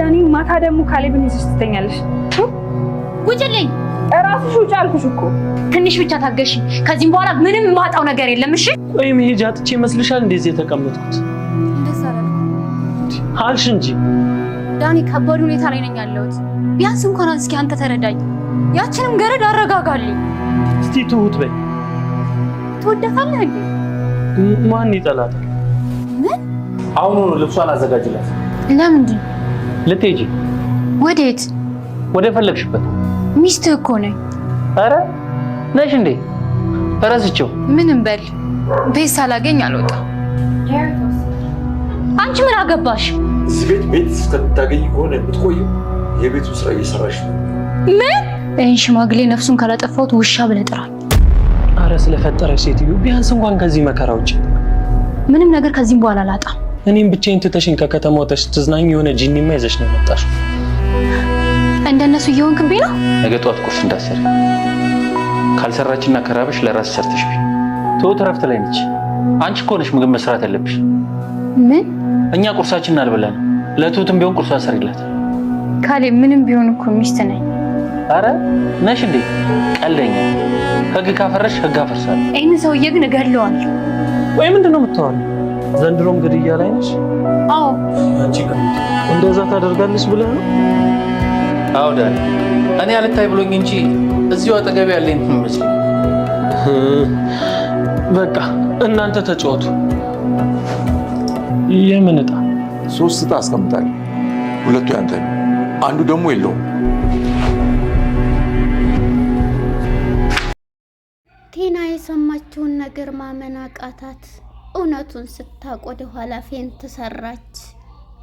ዳኒ፣ ማታ ደግሞ ካሌብን ይዘሽ ትተኛለሽ። ውጭልኝ! እራስሽ ውጭ አልኩሽ እኮ። ትንሽ ብቻ ታገሽ። ከዚህም በኋላ ምንም ማጣው ነገር የለም። እሺ? ቆይ መሄጃ አጥቼ ይመስልሻል እንደዚህ የተቀመጥኩት? እንደዛ አልሽ እንጂ ዳኒ፣ ከባድ ሁኔታ ላይ ነኝ ያለሁት። ቢያንስ እንኳን እስኪ አንተ ተረዳኝ፣ ያችንም ገረድ አረጋጋልኝ። እስቲ ትሁት በይ። ትወዳታለህ እንዴ? ማን ይጠላታል? ምን? አሁን ልብሷን አዘጋጅላት። ለምንድን ልትሄጂ? ወዴት? ወደ ፈለግሽበት። ሚስትህ እኮ ነኝ። አረ ነሽ እንዴ? እረስቸው። ምንም በል ቤት ሳላገኝ አልወጣ? አንቺ ምን አገባሽ? እዚህ ቤት ቤት እስከምታገኝ ከሆነ የምትቆየው የቤቱ ስራ እየሰራሽ ነው። ምን? ይህን ሽማግሌ ነፍሱን ካላጠፋሁት ውሻ ብለህ ጥራኝ። አረ ስለፈጠረሽ ሴትዮ ቢያንስ እንኳን ከዚህ መከራ ውጭ ምንም ነገር ከዚህም በኋላ አላጣም። እኔም ብቻዬን ትተሽኝ ከከተማ ወጥተሽ ትዝናኝ የሆነ ጂኒማ ይዘሽ ነው የመጣሽ። እንደነሱ እየሆንክ እምቢ ነው። ነገ ጠዋት ቁርስ እንዳትሰሪ ካልሰራችና ከራበሽ ለራስ ሰርተሽ ቢ ትወት እረፍት ላይ ነች። አንቺ እኮ ነሽ ምግብ መስራት ያለብሽ። ምን እኛ ቁርሳችንን አልበላን። ለትሁትም ቢሆን ቁርሷ ሰሪላት። ካሌ ምንም ቢሆን እኮ ሚስት ነኝ። አረ ነሽ እንዴ? ቀልደኛ። ህግ ካፈረሽ ህግ አፈርሳለሁ። ይህን ሰውዬ ግን እገለዋለሁ። ወይ ምንድን ነው ዘንድሮም ግድያ ላይ አዎ። አንቺ እንደዛ ታደርጋለች ብለህ ነው? አዎ ዳኒ፣ እኔ አልታይ ብሎኝ እንጂ እዚሁ አጠገብ ያለኝ ትመስል። በቃ እናንተ ተጫወቱ። የምን ሶስት ዕጣ አስቀምጣለሁ። ሁለቱ ያንተ ነው፣ አንዱ ደግሞ የለውም። ቲና የሰማችውን ነገር ማመን አቃታት። እውነቱን ስታውቅ ወደ ኋላ ፌንት ተሰራች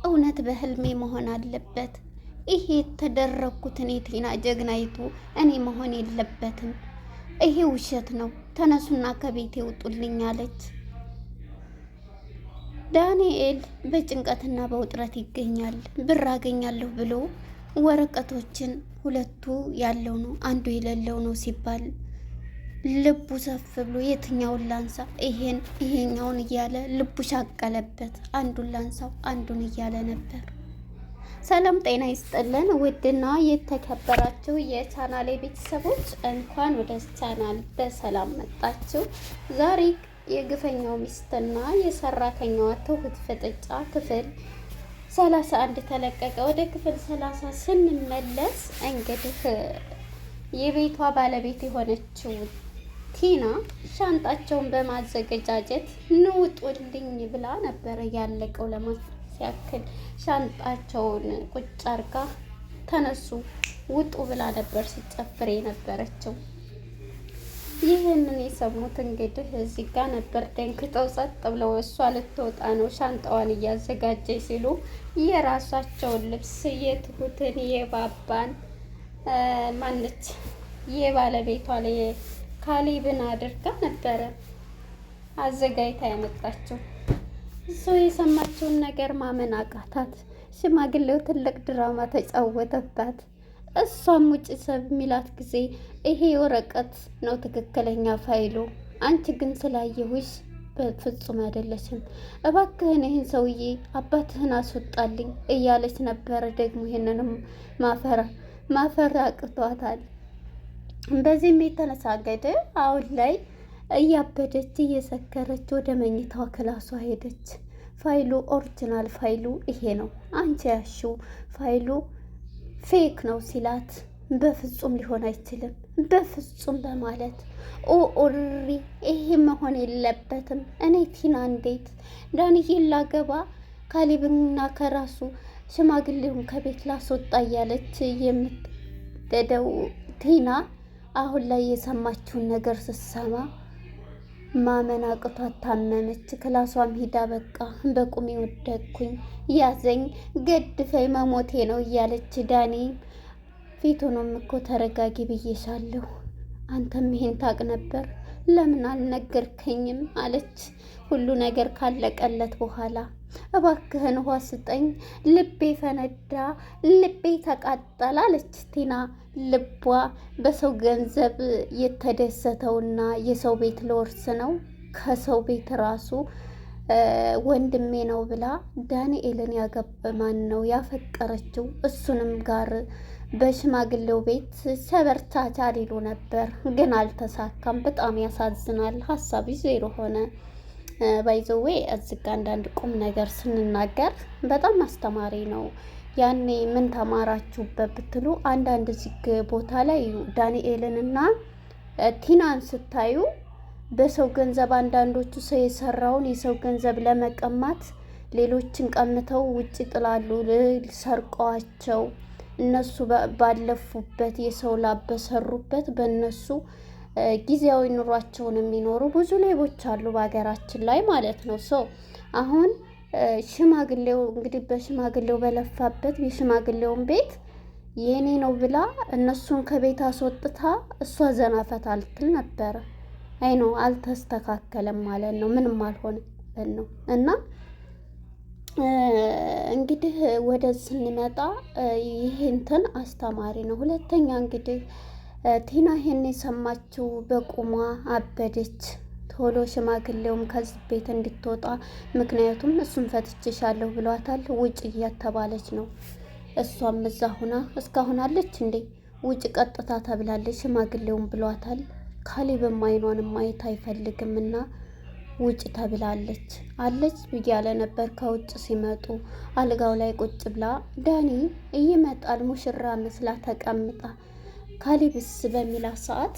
እውነት በህልሜ መሆን አለበት። ይሄ የተደረግኩትን እኔ ጀግናይቱ እኔ መሆን የለበትም። ይሄ ውሸት ነው። ተነሱና ከቤቴ ውጡልኝ አለች። ዳንኤል በጭንቀትና በውጥረት ይገኛል። ብር አገኛለሁ ብሎ ወረቀቶችን ሁለቱ ያለው ነው አንዱ የሌለው ነው ሲባል ልቡ ሰፍ ብሎ የትኛውን ላንሳ ይሄን ይሄኛውን እያለ ልቡ ሻቀለበት። አንዱን ላንሳው አንዱን እያለ ነበር። ሰላም ጤና ይስጥልን። ውድና የተከበራችሁ የቻናሌ ቤተሰቦች እንኳን ወደ ቻናል በሰላም መጣችሁ። ዛሬ የግፈኛው ሚስትና የሰራተኛዋ ትሁት ፍጥጫ ክፍል ሰላሳ አንድ ተለቀቀ። ወደ ክፍል ሰላሳ ስንመለስ እንግዲህ የቤቷ ባለቤት የሆነችው ቲና ሻንጣቸውን በማዘገጃጀት ንውጡልኝ ብላ ነበረ ያለቀው ለማለት ያክል ሻንጣቸውን ቁጭ አርጋ ተነሱ ውጡ ብላ ነበር ሲጨፍር የነበረችው። ይህንን የሰሙት እንግዲህ እዚህ ጋር ነበር ደንክተው ጸጥ ብለው እሷ ልትወጣ ነው ሻንጣዋን እያዘጋጀች ሲሉ የራሳቸውን ልብስ የትሁትን የባባን ማነች የባለቤቷ ላይ ካሌብን አድርጋ ነበረ አዘጋጅታ ያመጣችው። እሱ የሰማችውን ነገር ማመን አቃታት። ሽማግሌው ትልቅ ድራማ ተጫወተባት። እሷም ውጭ ሰብ የሚላት ጊዜ ይሄ ወረቀት ነው ትክክለኛ ፋይሉ፣ አንቺ ግን ስላየሁሽ በፍጹም አይደለችም። እባክህን ይህን ሰውዬ አባትህን አስወጣልኝ እያለች ነበረ። ደግሞ ይህንንም ማፈራ ማፈራ አቅቷታል። በዚህም የተነሳ እንግዲህ አሁን ላይ እያበደች እየሰከረች ወደ መኝታዋ ክላሷ ሄደች። ፋይሉ ኦሪጂናል ፋይሉ ይሄ ነው አንቺ ያሹ ፋይሉ ፌክ ነው ሲላት፣ በፍጹም ሊሆን አይችልም በፍጹም በማለት ኦሪ ይሄ መሆን የለበትም። እኔ ቲና እንዴት ዳንዬን ላገባ ካሊብና ከራሱ ሽማግሌውን ከቤት ላስወጣ እያለች የምትደደው ቲና አሁን ላይ የሰማችውን ነገር ስትሰማ ማመን አቅቷ ታመመች። ክላሷም ሂዳ በቃ በቁሜ ወደቅኩኝ፣ ያዘኝ፣ ገድፈኝ፣ መሞቴ ነው እያለች ዳኒ ፊቱንም እኮ ተረጋጊ ብዬሻለሁ፣ አንተም ይሄን ታቅ ነበር ለምን አልነገርከኝም? አለች ሁሉ ነገር ካለቀለት በኋላ እባክህን ውሃ ስጠኝ፣ ልቤ ፈነዳ፣ ልቤ ተቃጠለ አለች ቲና። ልቧ በሰው ገንዘብ የተደሰተውና የሰው ቤት ልወርስ ነው ከሰው ቤት ራሱ ወንድሜ ነው ብላ ዳንኤልን ያገባ ማን ነው ያፈቀረችው። እሱንም ጋር በሽማግሌው ቤት ሰበርቻቻ ሊሉ ነበር፣ ግን አልተሳካም። በጣም ያሳዝናል። ሀሳብ ዜሮ ሆነ። ባይዘዌ እዚህ ጋ አንዳንድ ቁም ነገር ስንናገር በጣም አስተማሪ ነው። ያኔ ምን ተማራችሁበት ብትሉ አንዳንድ ዚግ ቦታ ላይ ዳንኤልንና ቲናን ስታዩ በሰው ገንዘብ አንዳንዶቹ ሰው የሰራውን የሰው ገንዘብ ለመቀማት ሌሎችን ቀምተው ውጭ ጥላሉ፣ ሰርቀዋቸው እነሱ ባለፉበት የሰው ላብ በሰሩበት በእነሱ ጊዜያዊ ኑሯቸውን የሚኖሩ ብዙ ሌቦች አሉ በሀገራችን ላይ ማለት ነው። ሶ አሁን ሽማግሌው እንግዲህ በሽማግሌው በለፋበት የሽማግሌውን ቤት የኔ ነው ብላ እነሱን ከቤት አስወጥታ እሷ ዘናፈት አልትል ነበረ። አይ ነው አልተስተካከለም ማለት ነው። ምንም አልሆነ ነው እና እንግዲህ ወደ ስንመጣ ይህ እንትን አስተማሪ ነው። ሁለተኛ እንግዲህ ቲና ይሄን የሰማችው በቁሟ አበደች። ቶሎ ሽማግሌውም ከዚህ ቤት እንድትወጣ ምክንያቱም እሱን ፈትችሻለሁ ብሏታል። ውጭ እያተባለች ነው። እሷም እዛ ሁና እስካሁን አለች እንዴ? ውጭ ቀጥታ ተብላለች። ሽማግሌውም ብሏታል። ካሌብም አይኗንም ማየት አይፈልግም እና ውጭ ተብላለች አለች ብያለ ነበር። ከውጭ ሲመጡ አልጋው ላይ ቁጭ ብላ ዳኒ እይመጣል ሙሽራ መስላ ተቀምጣ ካሌብስ በሚላ ሰዓት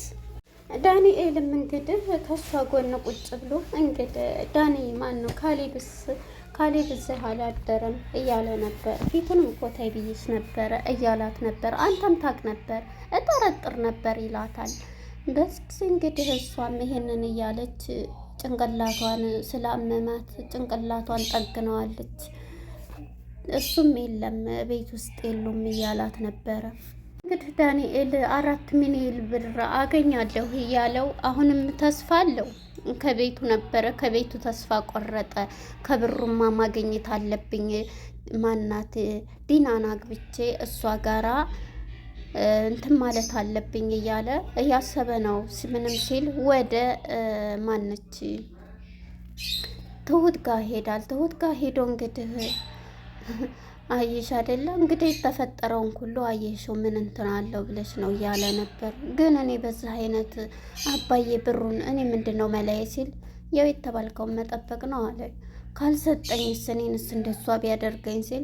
ዳንኤልም እንግዲህ ከእሷ ጎን ቁጭ ብሎ እንግዲህ ዳኒ ማን ነው ካሌብስ ካሌብ እዚህ አላደረም እያለ ነበር። ፊቱንም እኮ ብይስ ነበረ እያላት ነበር። አንተም ታቅ ነበር እጠረጥር ነበር ይላታል። ጊዜ እንግዲህ እሷም ይሄንን እያለች ጭንቅላቷን ስላመማት ጭንቅላቷን ጠግነዋለች። እሱም የለም ቤት ውስጥ የሉም እያላት ነበረ እንግዲህ ዳንኤል አራት ሚኒል ብር አገኛለሁ እያለው አሁንም ተስፋ አለው። ከቤቱ ነበረ፣ ከቤቱ ተስፋ ቆረጠ። ከብሩማ ማግኘት አለብኝ ማናት ዲናን አግብቼ እሷ ጋራ እንትን ማለት አለብኝ እያለ እያሰበ ነው። ምንም ሲል ወደ ማነች ትሁት ጋር ሄዳል። ትሁት ጋር ሄዶ እንግዲህ አየሽ አይደለ እንግዲህ የተፈጠረውን ሁሉ አየሽው፣ ምን እንትን አለው ብለሽ ነው እያለ ነበር። ግን እኔ በዚህ አይነት አባዬ ብሩን እኔ ምንድን ነው መለየ ሲል ያው የተባልከውን መጠበቅ ነው አለ። ካልሰጠኝስ እኔንስ እንደሷ ቢያደርገኝ ሲል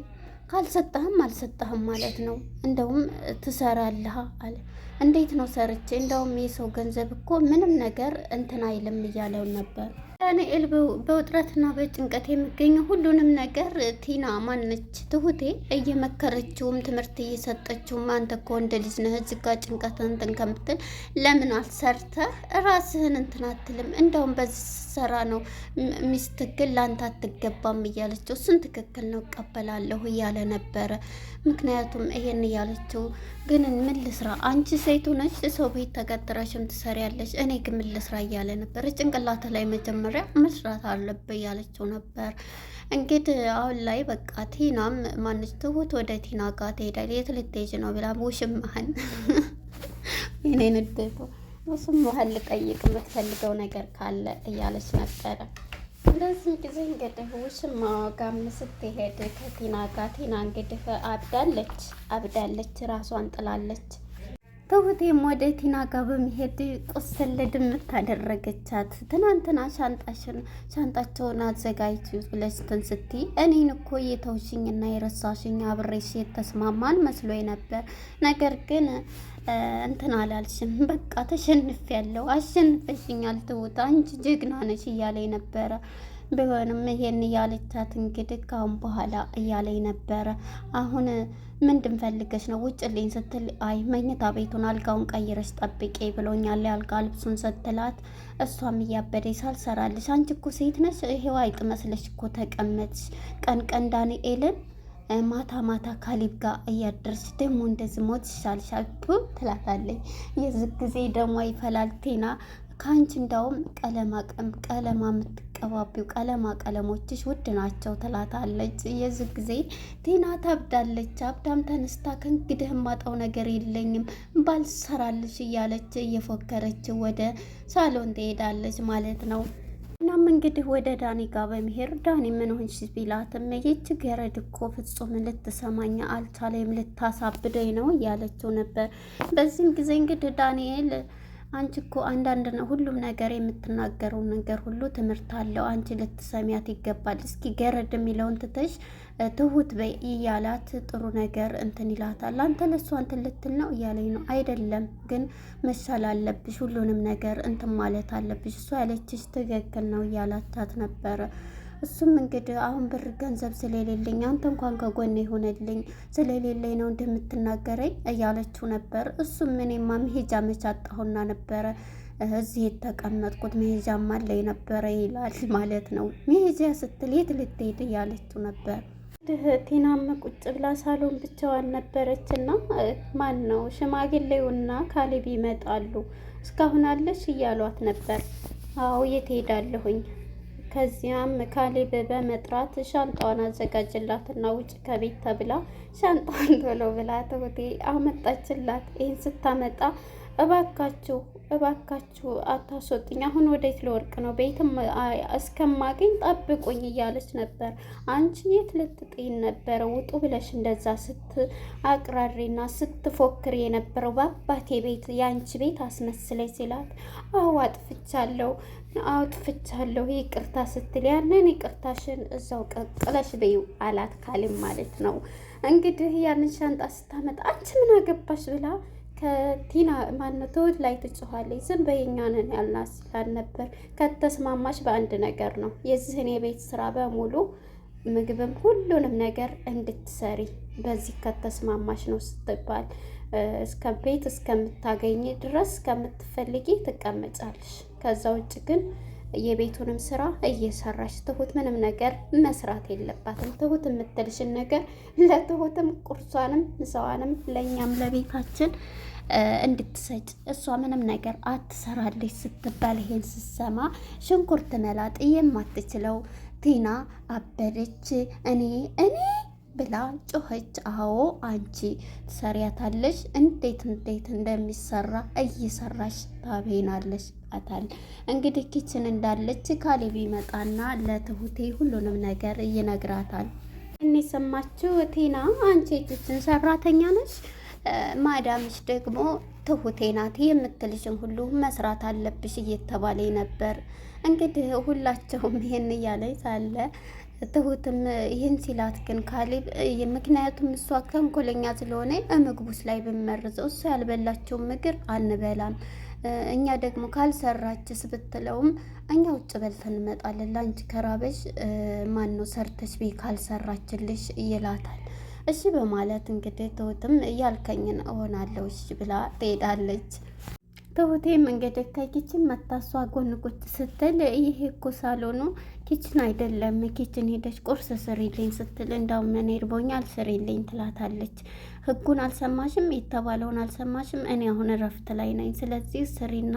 ካልሰጠህም አልሰጠህም ማለት ነው። እንደውም ትሰራለህ አለ። እንዴት ነው ሰርቼ? እንደውም የሰው ገንዘብ እኮ ምንም ነገር እንትን አይልም እያለው ነበር ዳንኤል በውጥረትና በጭንቀት የሚገኘው ሁሉንም ነገር ቲና ማነች ትሁቴ እየመከረችውም ትምህርት እየሰጠችውም አንተ እኮ እንደ ልጅ ነህ እዚህ ጋ ጭንቀትን እንትን ከምትል ለምን አልሰርተህ ራስህን እንትን አትልም? እንደውም በዚህ ሰራ ነው ሚስትክል ለአንተ አትገባም እያለችው እሱን ትክክል ነው እቀበላለሁ እያለ ነበረ። ምክንያቱም ይሄን እያለችው ግን ምን ልስራ አንቺ ሴቱ ነች ሰው ቤት ተቀጥረሽም ትሰሪያለሽ እኔ ግን ምን ልስራ እያለ ነበረ ጭንቅላት ላይ መጀመር መጀመሪያ መስራት አለብህ ያለችው ነበር። እንግዲህ አሁን ላይ በቃ ቲናም ማነች ትሁት ወደ ቲና ጋር ትሄዳለች። የት ልትሄጂ ነው ብላ ውሽማህን የኔን እደቱ ውሽማህን ልጠይቅ የምትፈልገው ነገር ካለ እያለች ነበረ። በዚህ ጊዜ እንግዲህ ውሽማ ጋም ስትሄድ ከቲና ጋር ቲና እንግዲህ አብዳለች አብዳለች ራሷን ጥላለች። ትሁቴም ወደ ቲና ጋር በመሄድ ቁስል ድምት አደረገቻት። ትናንትና ሻንጣሽን ሻንጣቸውን አዘጋጅ ብለሽ እንትን ስትይ እኔን እኮ የተውሽኝና የረሳሽኝ አብሬሽ የተስማማን መስሎኝ ነበር። ነገር ግን እንትን አላልሽም። በቃ ተሸንፍ ያለው አሸንፈሽኛል ትሁት፣ አንቺ ጀግና ነሽ እያለኝ ነበረ ቢሆንም ይሄን እያለቻት እንግዲህ ካሁን በኋላ እያለኝ ነበረ አሁን ምንድን ፈልገሽ ነው ውጭ ልኝ ስትል አይ መኝታ ቤቱን አልጋውን ቀይረሽ ጠብቄ ብሎኛል አልጋ ልብሱን ስትላት እሷም እያበደች ሳልሰራልሽ አንቺ እኮ ሴት ነሽ ይሄው አይጥ መስለሽ እኮ ተቀመጥሽ ቀን ቀን ዳንኤልን ማታ ማታ ካሊብ ጋር እያደርሽ ደግሞ እንደዚህ ሞት ይሻልሻል ትላታለኝ። የዚህ ጊዜ ደግሞ ይፈላል ቴና ከአንቺ እንዳውም ቀለማ ቀም ቀለማ የሚቀባቢው ቀለማ ቀለሞችሽ ውድ ናቸው ትላታለች። የዚህ ጊዜ ቴና ታብዳለች። አብዳም ተነስታ ከእንግዲህ የማጣው ነገር የለኝም ባልሰራልሽ እያለች እየፎከረች ወደ ሳሎን ትሄዳለች ማለት ነው። እናም እንግዲህ ወደ ዳኒ ጋር በመሄድ ዳኒ ምን ሆንሽ ቢላትም ይች ገረድ እኮ ፍጹም ልትሰማኝ አልቻለም ልታሳብደኝ ነው እያለችው ነበር። በዚህም ጊዜ እንግዲህ ዳንኤል አንቺ እኮ አንዳንድ ነው ሁሉም ነገር የምትናገረው ነገር ሁሉ ትምህርት አለው። አንቺ ልትሰሚያት ይገባል። እስኪ ገረድ የሚለውን ትተሽ ትሁት በይ እያላት ጥሩ ነገር እንትን ይላታል። አንተ ለእሷ እንትን ልትል ነው እያለኝ ነው አይደለም፣ ግን መሻል አለብሽ። ሁሉንም ነገር እንትን ማለት አለብሽ። እሷ ያለችሽ ትክክል ነው እያላታት ነበረ። እሱም እንግዲህ አሁን ብር ገንዘብ ስለሌለኝ አንተ እንኳን ከጎን የሆነልኝ ስለሌለኝ ነው እንደምትናገረኝ እያለችው ነበር። እሱም እኔማ መሄጃ መች አጣሁና ነበረ እዚህ የተቀመጥኩት መሄጃም አለኝ ነበረ ይላል ማለት ነው። መሄጃ ስትል የት ልትሄድ እያለችው ነበር። ቲናም ቁጭ ብላ ሳሎን ብቻዋን ነበረች እና ማን ነው ሽማግሌውና ካሌብ ይመጣሉ እስካሁን አለሽ እያሏት ነበር። አዎ የት ሄዳለሁኝ ከዚያም ካሌብ በመጥራት ሻንጣዋን አዘጋጅላትና ውጭ ከቤት ተብላ ሻንጣዋን ቶሎ ብላ ትሁቴ አመጣችላት። ይህን ስታመጣ እባካችሁ እባካችሁ አታስወጡኝ፣ አሁን ወዴት ልወርቅ ነው? ቤትም እስከማገኝ ጠብቁኝ እያለች ነበር። አንቺ የት ልትጥይን ነበረ? ውጡ ብለሽ እንደዛ ስትአቅራሪና ስትፎክር የነበረው በአባቴ ቤት የአንቺ ቤት አስመስለኝ ሲላት፣ አዎ አጥፍቻለሁ አውጥፍቻለሁ ይቅርታ ስትል ያንን ይቅርታሽን እዛው ቀቅለሽ በይው አላት። ካሌብ ማለት ነው እንግዲህ ያንን ሻንጣ ስታመጣ አንቺ ምን አገባሽ ብላ ከቲና ማነቶት ላይ ትጮኋለች። ዝም በየኛንን ያልናስላል ነበር። ከተስማማሽ በአንድ ነገር ነው የዚህን የቤት ስራ በሙሉ ምግብም፣ ሁሉንም ነገር እንድትሰሪ በዚህ ከተስማማሽ ነው ስትባል እስከ ቤት እስከምታገኝ ድረስ እስከምትፈልጊ ትቀመጫለሽ ከዛ ውጭ ግን የቤቱንም ስራ እየሰራች ትሁት ምንም ነገር መስራት የለባትም። ትሁት የምትልሽን ነገር ለትሁትም ቁርሷንም ምሳዋንም ለእኛም ለቤታችን እንድትሰጭ እሷ ምንም ነገር አትሰራለች ስትባል ይሄን ስሰማ ሽንኩርት መላጥ የማትችለው ቲና አበደች። እኔ እኔ ብላ ጮኸች። አዎ አንቺ ትሰሪያታለሽ፣ እንዴት እንዴት እንደሚሰራ እየሰራሽ ታብሄናለሽ አታል። እንግዲህ ኪችን እንዳለች ካሌብ ይመጣና ለትሁቴ ሁሉንም ነገር ይነግራታል። እኔ የሰማችው ቴና አንቺ የኪችን ሰራተኛ ነች፣ ማዳምሽ ደግሞ ትሁቴ ናት፣ የምትልሽን ሁሉ መስራት አለብሽ እየተባለ ነበር። እንግዲህ ሁላቸውም ይህን እያለች ሳለ ትሁትም ይህን ሲላት ግን ካሌብ ምክንያቱም እሷ ተንኮለኛ ስለሆነ ምግቡስ ላይ ብመርዘው እሷ ያልበላቸውን ምግር አንበላም፣ እኛ ደግሞ ካልሰራችስ ብትለውም እኛ ውጭ በልተን እንመጣለን፣ ለአንቺ ከራበሽ ማን ነው ሰርተሽ ቤ ካልሰራችልሽ ይላታል። እሺ በማለት እንግዲህ ትሁትም እያልከኝን እሆናለሁ እሺ ብላ ትሄዳለች። ትሁቴም እንግዲህ ከኪችን መታሷ ጎን ቁጭ ስትል ይሄ እኮ ሳሎኑ ኪችን አይደለም ኪችን ሄደች ቁርስ ስሪልኝ ስትል እንዳውም እኔ እርቦኛል ስሪልኝ ትላታለች። ህጉን አልሰማሽም? የተባለውን አልሰማሽም? እኔ አሁን እረፍት ላይ ነኝ። ስለዚህ ስሪና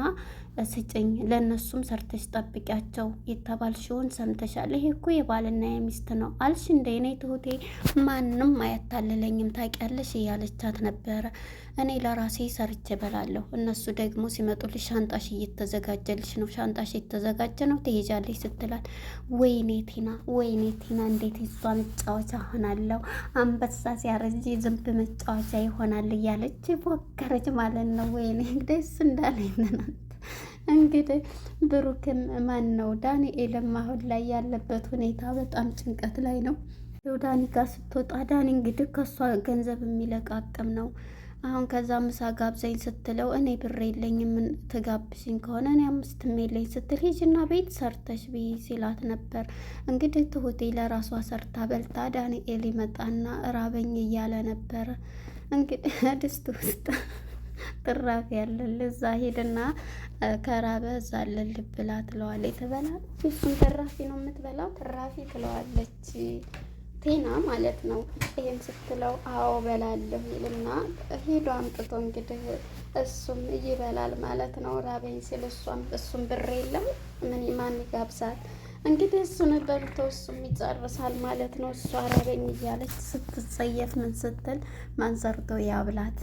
ስጭኝ፣ ለእነሱም ሰርተሽ ጠብቂያቸው። የተባልሽውን ሰምተሻል። ይሄ እኮ የባልና የሚስት ነው አልሽ እንደ እኔ ትሁቴ፣ ማንም አያታልለኝም ታውቂያለሽ እያለቻት ነበረ። እኔ ለራሴ ሰርቼ እበላለሁ፣ እነሱ ደግሞ ሲመጡልሽ ሻንጣሽ እየተዘጋጀልሽ ነው፣ ሻንጣሽ የተዘጋጀ ነው ትሄጃለሽ ስትላል ወይኔ ቲና ወይኔ ቲና እንዴት የሷ መጫወቻ ሆናለሁ፣ አንበሳ ሲያረጅ ዝንብ መጫወቻ ይሆናል እያለች ፎከረች ማለት ነው። ወይኔ ደስ እንዳለኝናት እንግዲህ ብሩክም ማን ነው ዳንኤልም አሁን ላይ ያለበት ሁኔታ በጣም ጭንቀት ላይ ነው። ዳኒ ጋር ስትወጣ ዳኒ እንግዲህ ከእሷ ገንዘብ የሚለቃቅም ነው አሁን ከዛ ምሳ ጋብዘኝ ስትለው እኔ ብር የለኝም ትጋብዥኝ ከሆነ እኔ አምስትም የለኝ ስትል ሂጅና ቤት ሰርተሽ ብይ ሲላት ነበር። እንግዲህ ትሁቴ ለራሷ ሰርታ በልታ ዳንኤል ይመጣና ራበኝ እያለ ነበር። እንግዲህ ድስት ውስጥ ጥራፍ ያለል እዛ ሄድና ከራበ እዛ አለል ብላ ትለዋለች። ትበላለች። እሱን ትራፊ ነው የምትበላው ትራፊ ትለዋለች። ዜና ማለት ነው። ይህም ስትለው አዎ በላለሁ ይልና ሄዶ አምጥቶ እንግዲህ እሱም ይበላል ማለት ነው። ራበኝ ሲል እሷም እሱም ብር የለም ምን ማን ይጋብዛል እንግዲህ እሱን በልቶ እሱም ይጨርሳል ማለት ነው። እሷ ራበኝ እያለች ስትጸየፍ ምን ስትል ማን ሰርቶ ያብላት?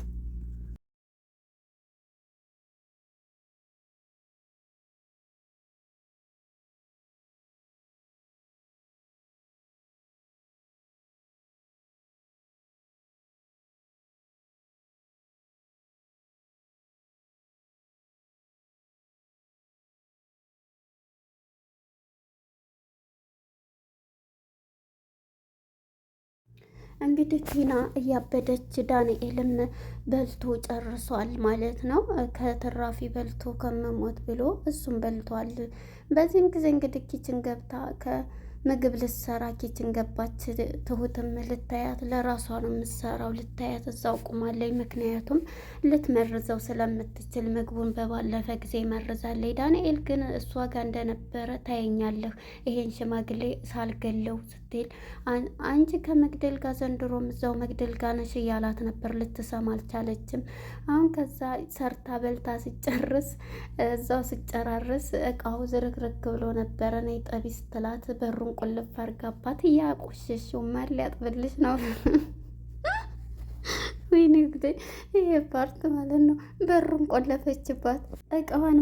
እንግዲህ ቲና እያበደች ዳንኤልም በልቶ ጨርሷል ማለት ነው። ከትራፊ በልቶ ከመሞት ብሎ እሱም በልቷል። በዚህም ጊዜ እንግዲህ ኪችን ገብታ ከ ምግብ ልትሰራ ኪችን ገባች። ትሁትም ልታያት ለራሷ ነው የምትሰራው። ልታያት እዛው ቁማለይ። ምክንያቱም ልትመርዘው ስለምትችል ምግቡን በባለፈ ጊዜ መርዛለይ። ዳንኤል ግን እሷ ጋር እንደነበረ ታየኛለህ፣ ይሄን ሽማግሌ ሳልገለው ስትል አንቺ ከመግደል ጋር ዘንድሮም እዛው መግደል ጋር ነሽ እያላት ነበር። ልትሰማ አልቻለችም። አሁን ከዛ ሰርታ በልታ ስጨርስ እዛው ስጨራርስ እቃው ዝርክርክ ብሎ ነበረ። ነይ ጠቢ ስትላት በሩን ቁልፍ አርጋባት እያቆሸሽው ማን ሊያጥብልሽ ነው? ወይኔ ጉዴ! ይሄ ፓርት ማለት ነው። በሩን ቆለፈችባት። እቃዋን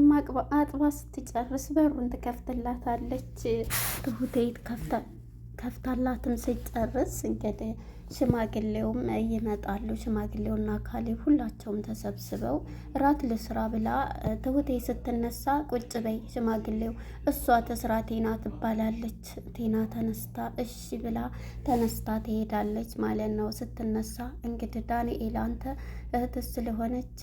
አጥባ ስትጨርስ በሩን ትከፍትላታለች። ትሁቴ ከፍታል ከፍታላትም ሲጨርስ እንግዲህ ሽማግሌውም ይመጣሉ። ሽማግሌውና ካሌብ ሁላቸውም ተሰብስበው እራት ልስራ ብላ ትሁቴ ስትነሳ ቁጭ በይ ሽማግሌው እሷ ተስራ ቴና ትባላለች። ቴና ተነስታ እሺ ብላ ተነስታ ትሄዳለች ማለት ነው። ስትነሳ እንግዲህ ዳንኤል አንተ እህትህ ስለሆነች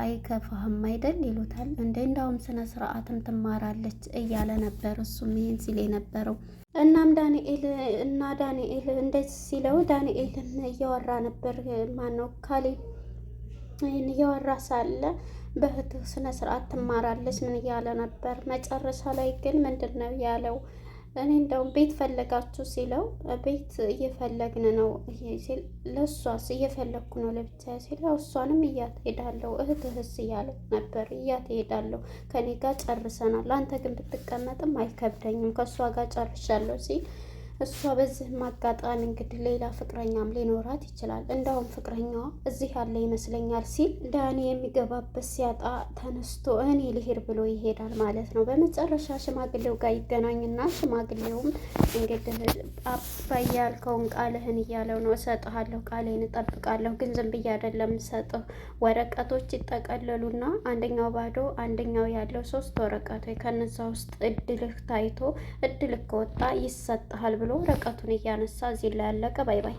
አይከፋህም አይደል ይሉታል። እንደ እንዳውም ስነ ስርዓትም ትማራለች እያለ ነበር እሱም ይህን ሲል የነበረው እናም ዳንኤል እና ዳንኤል እንደዚህ ሲለው ዳንኤልን እያወራ ነበር። ማነው ካሌ ይህን እያወራ ሳለ በህትህ ስነ ስርዓት ትማራለች ምን እያለ ነበር። መጨረሻ ላይ ግን ምንድን ነው ያለው? እኔ እንደውም ቤት ፈለጋችሁ ሲለው ቤት እየፈለግን ነው ሲል ለእሷስ እየፈለግኩ ነው ለብቻ ሲለው እሷንም እያት ሄዳለሁ እህትህስ እያለ ነበር እያት ሄዳለሁ ከኔ ጋር ጨርሰናል አንተ ግን ብትቀመጥም አይከብደኝም ከእሷ ጋር ጨርሻለሁ ሲል እሷ በዚህ ማጋጣሚ እንግዲህ ሌላ ፍቅረኛም ሊኖራት ይችላል። እንደውም ፍቅረኛዋ እዚህ ያለ ይመስለኛል ሲል ዳኒ የሚገባበት ሲያጣ ተነስቶ እኔ ልሄድ ብሎ ይሄዳል ማለት ነው። በመጨረሻ ሽማግሌው ጋር ይገናኝና ሽማግሌውም እንግዲህ አባዬ ያልከውን ቃልህን እያለው ነው እሰጥሃለሁ፣ ቃሌን እጠብቃለሁ። ግን ዝም ብዬ አይደለም እሰጥህ። ወረቀቶች ይጠቀለሉና አንደኛው ባዶ አንደኛው ያለው ሶስት ወረቀቶች ከነዛ ውስጥ እድልህ ታይቶ እድልህ ከወጣ ይሰጥሃል ብሎ ነው። ርቀቱን እያነሳ እዚህ ላይ ያለቀ። ባይ ባይ